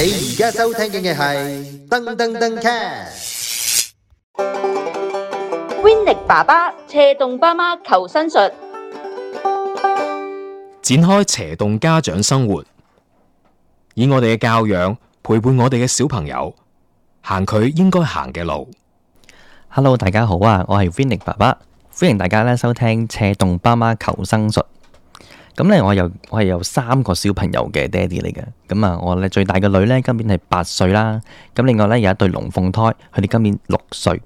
你而家收聽嘅係《噔噔噔 Cat》，Vinic 爸爸斜棟爸媽求生術，展開斜棟家長生活，以我哋嘅教養陪伴我哋嘅小朋友，行佢應該行嘅路。Hello，大家好啊，我係 Vinic 爸爸，歡迎大家咧收聽《斜棟爸媽求生術》。咁咧，我又我係有三個小朋友嘅爹哋嚟嘅，咁啊，我咧最大嘅女咧今年係八歲啦，咁另外咧有一對龍鳳胎，佢哋今年六歲，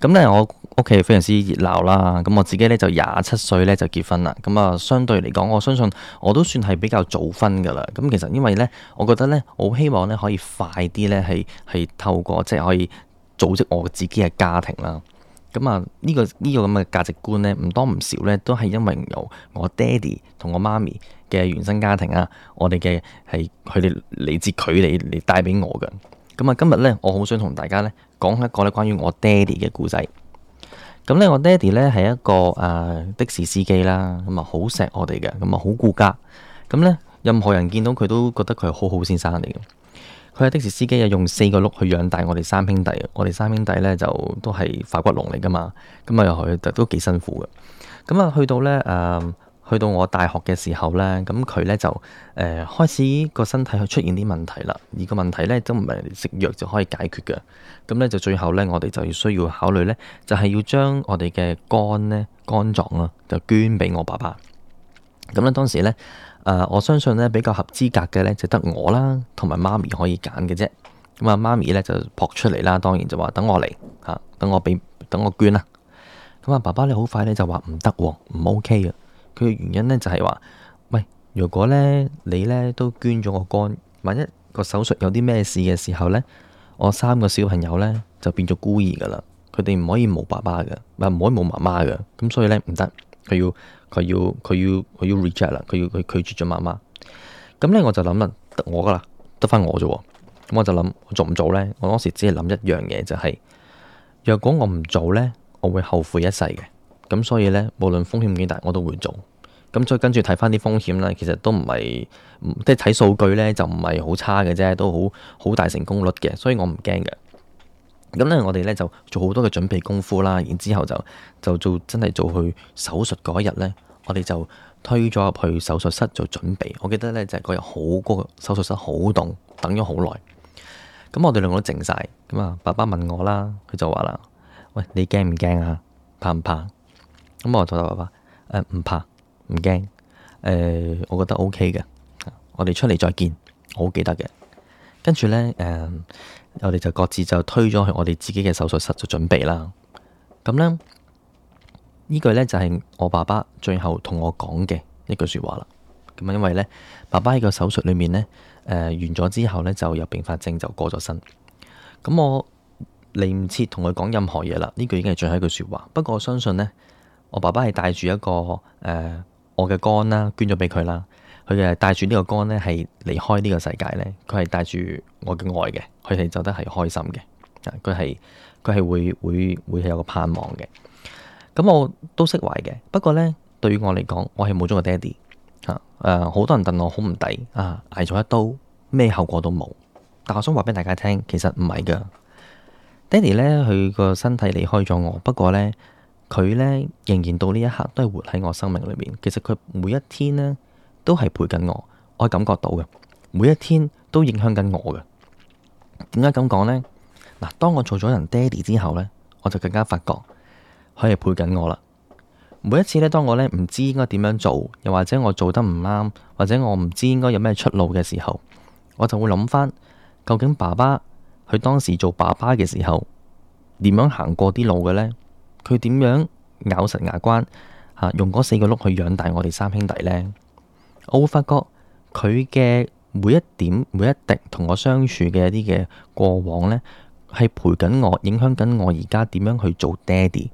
咁咧我屋企非常之熱鬧啦，咁我自己咧就廿七歲咧就結婚啦，咁啊相對嚟講，我相信我都算係比較早婚噶啦，咁其實因為咧，我覺得咧，我好希望咧可以快啲咧係係透過即係、就是、可以組織我自己嘅家庭啦。咁啊，呢個呢個咁嘅價值觀咧，唔多唔少咧，都係因為由我爹哋同我媽咪嘅原生家庭啊，我哋嘅係佢哋嚟自佢哋嚟帶俾我㗎。咁啊，今日咧，我好想同大家咧講一個咧關於我爹哋嘅故仔。咁咧，我爹哋咧係一個誒的士司機啦，咁啊好錫我哋嘅，咁啊好顧家。咁咧，任何人見到佢都覺得佢係好好先生嚟嘅。佢係的士司機啊，用四個轆去養大我哋三兄弟。我哋三兄弟咧，就都係化骨龍嚟噶嘛，咁啊佢都幾辛苦嘅。咁啊去到咧誒、呃，去到我大學嘅時候咧，咁佢咧就誒、呃、開始個身體去出現啲問題啦。而個問題咧都唔係食藥就可以解決嘅。咁咧就最後咧我哋就要需要考慮咧，就係、是、要將我哋嘅肝咧肝臟啦，就捐俾我爸爸。咁咧當時咧，誒，uh, 我相信咧比較合資格嘅咧，就得我啦，同埋媽咪可以揀嘅啫。咁啊，媽咪咧就撲出嚟啦，當然就話等我嚟吓，等我俾、啊，等我捐啦。咁啊，爸爸咧好快咧就話唔得，唔 OK 啊。佢嘅原因咧就係、是、話，喂，如果咧你咧都捐咗個肝，萬一個手術有啲咩事嘅時候咧，我三個小朋友咧就變咗孤兒噶啦，佢哋唔可以冇爸爸嘅，唔可以冇媽媽嘅，咁所以咧唔得。佢要佢要佢要佢要 reject 啦，佢要佢拒絕咗媽媽。咁咧我就諗啦，得我噶啦，得翻我啫。咁我就諗我做唔做咧？我當時只係諗一樣嘢就係，若果我唔做咧，我會後悔一世嘅。咁所以咧，無論風險幾大，我都會做。咁所以跟住睇翻啲風險啦，其實都唔係，即係睇數據咧就唔係好差嘅啫，都好好大成功率嘅，所以我唔驚嘅。咁咧，我哋咧就做好多嘅準備功夫啦，然之後就就做真係做去手術嗰一日咧，我哋就推咗入去手術室做準備。我記得咧就係嗰日好高，手術室好凍，等咗好耐。咁我哋兩個都靜晒。咁啊爸爸問我啦，佢就話啦，喂，你驚唔驚啊？怕唔怕？咁我話，爸爸，誒唔、呃、怕，唔驚，誒、呃、我覺得 OK 嘅。我哋出嚟再見，我好記得嘅。跟住咧，誒，我哋就各自就推咗去我哋自己嘅手術室做準備啦。咁咧，呢句咧就係我爸爸最後同我講嘅一句說話啦。咁啊，因為咧，爸爸喺個手術裏面咧，誒、呃，完咗之後咧，就有併發症就過咗身。咁、嗯、我嚟唔切同佢講任何嘢啦。呢句已經係最後一句說話。不過我相信咧，我爸爸係帶住一個誒、呃，我嘅肝啦，捐咗俾佢啦。佢嘅帶住呢個肝咧，係離開呢個世界咧。佢係帶住我嘅愛嘅，佢係走得係開心嘅。啊，佢係佢係會會會有個盼望嘅。咁、嗯、我都釋懷嘅。不過咧，對於我嚟講，我係冇咗個爹哋。吓、啊、誒，好多人戥我好唔抵啊，挨咗一刀，咩後果都冇。但我想話俾大家聽，其實唔係噶。爹哋咧，佢個身體離開咗我，不過咧，佢咧仍然到呢一刻都係活喺我生命裏面。其實佢每一天咧。都係陪緊我，我感覺到嘅，每一天都影響緊我嘅。點解咁講呢？嗱，當我做咗人爹哋之後呢，我就更加發覺佢係陪緊我啦。每一次咧，當我咧唔知應該點樣做，又或者我做得唔啱，或者我唔知應該有咩出路嘅時候，我就會諗翻究竟爸爸佢當時做爸爸嘅時候點樣行過啲路嘅呢？佢點樣咬實牙關吓，用嗰四個碌去養大我哋三兄弟呢？我會發覺佢嘅每一點每一滴同我相處嘅一啲嘅過往呢，係陪緊我，影響緊我而家點樣去做爹哋。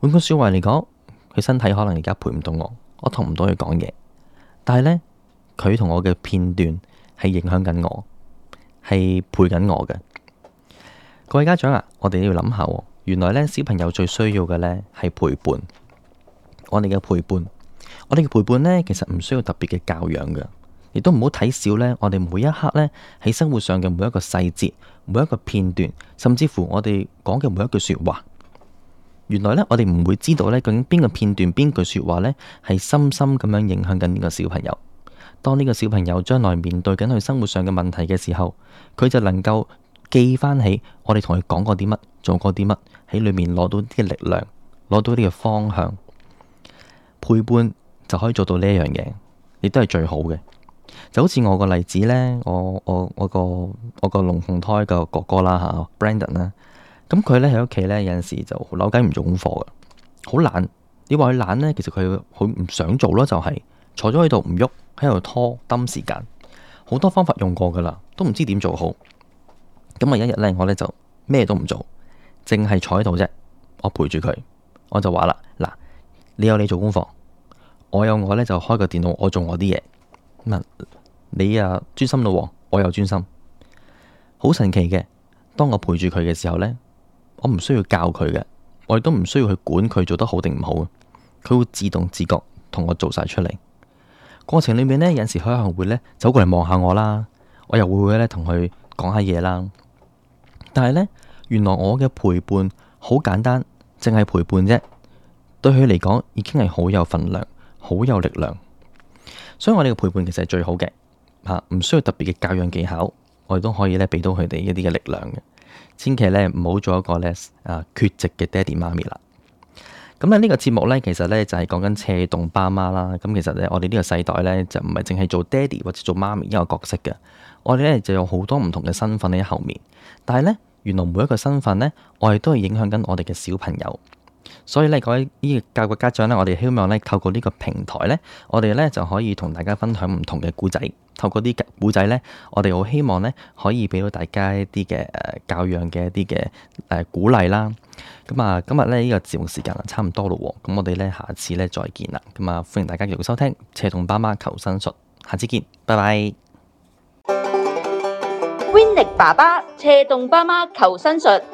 換句話嚟講，佢身體可能而家陪唔到我，我同唔到佢講嘢，但係呢，佢同我嘅片段係影響緊我，係陪緊我嘅。各位家長啊，我哋要諗下，啊，原來呢，小朋友最需要嘅呢，係陪伴，我哋嘅陪伴。我哋嘅陪伴呢，其實唔需要特別嘅教養嘅，亦都唔好睇小呢，我哋每一刻呢，喺生活上嘅每一個細節、每一個片段，甚至乎我哋講嘅每一句說話，原來呢，我哋唔會知道呢，究竟邊個片段、邊句說話呢，係深深咁樣影響緊呢個小朋友。當呢個小朋友將來面對緊佢生活上嘅問題嘅時候，佢就能夠記翻起我哋同佢講過啲乜、做過啲乜，喺裏面攞到啲嘅力量，攞到啲嘅方向。陪伴。就可以做到呢一樣嘢，亦都係最好嘅。就好似我個例子呢，我我我個我個龍鳳胎個哥哥啦吓、啊、，Brandon 啦，咁佢呢喺屋企呢，有陣時就扭計，唔做功課嘅，好懶。你話佢懶呢？其實佢佢唔想做咯、就是，就係坐咗喺度唔喐，喺度拖耽誤時間，好多方法用過噶啦，都唔知點做好。咁啊，一日呢，我呢就咩都唔做，淨係坐喺度啫。我陪住佢，我就話啦，嗱，你有你做功課。我有我咧，就開個電腦，我做我啲嘢。嗱，你啊專心咯，我又專心，好神奇嘅。當我陪住佢嘅時候呢，我唔需要教佢嘅，我亦都唔需要去管佢做得好定唔好，佢會自動自覺同我做晒出嚟。過程裏面呢，有時佢可能會咧走過嚟望下我啦，我又會會咧同佢講下嘢啦。但係呢，原來我嘅陪伴好簡單，淨係陪伴啫。對佢嚟講，已經係好有份量。好有力量，所以我哋嘅陪伴其實係最好嘅吓，唔需要特別嘅教養技巧，我哋都可以咧俾到佢哋一啲嘅力量嘅。千祈咧唔好做一個咧啊缺席嘅爹哋媽咪啦。咁咧呢個節目咧，其實咧就係講緊斜棟爸媽啦。咁其實咧，我哋呢個世代咧就唔係淨係做爹哋或者做媽咪一個角色嘅，我哋咧就有好多唔同嘅身份喺後面。但係咧，原來每一個身份咧，我哋都係影響緊我哋嘅小朋友。所以呢，各位依教育家長呢，我哋希望呢，透過呢個平台呢，我哋呢就可以同大家分享唔同嘅古仔。透過啲古仔呢，我哋好希望呢可以俾到大家一啲嘅教養嘅一啲嘅、呃、鼓勵啦。咁、嗯、啊，今日呢呢、呢個節目時間差唔多咯，咁、嗯、我哋呢，下次呢再見啦。咁、嗯、啊，歡迎大家繼續收聽《斜棟爸媽求生術》，下次見，拜拜。Vinic 爸爸，斜棟爸媽求生術。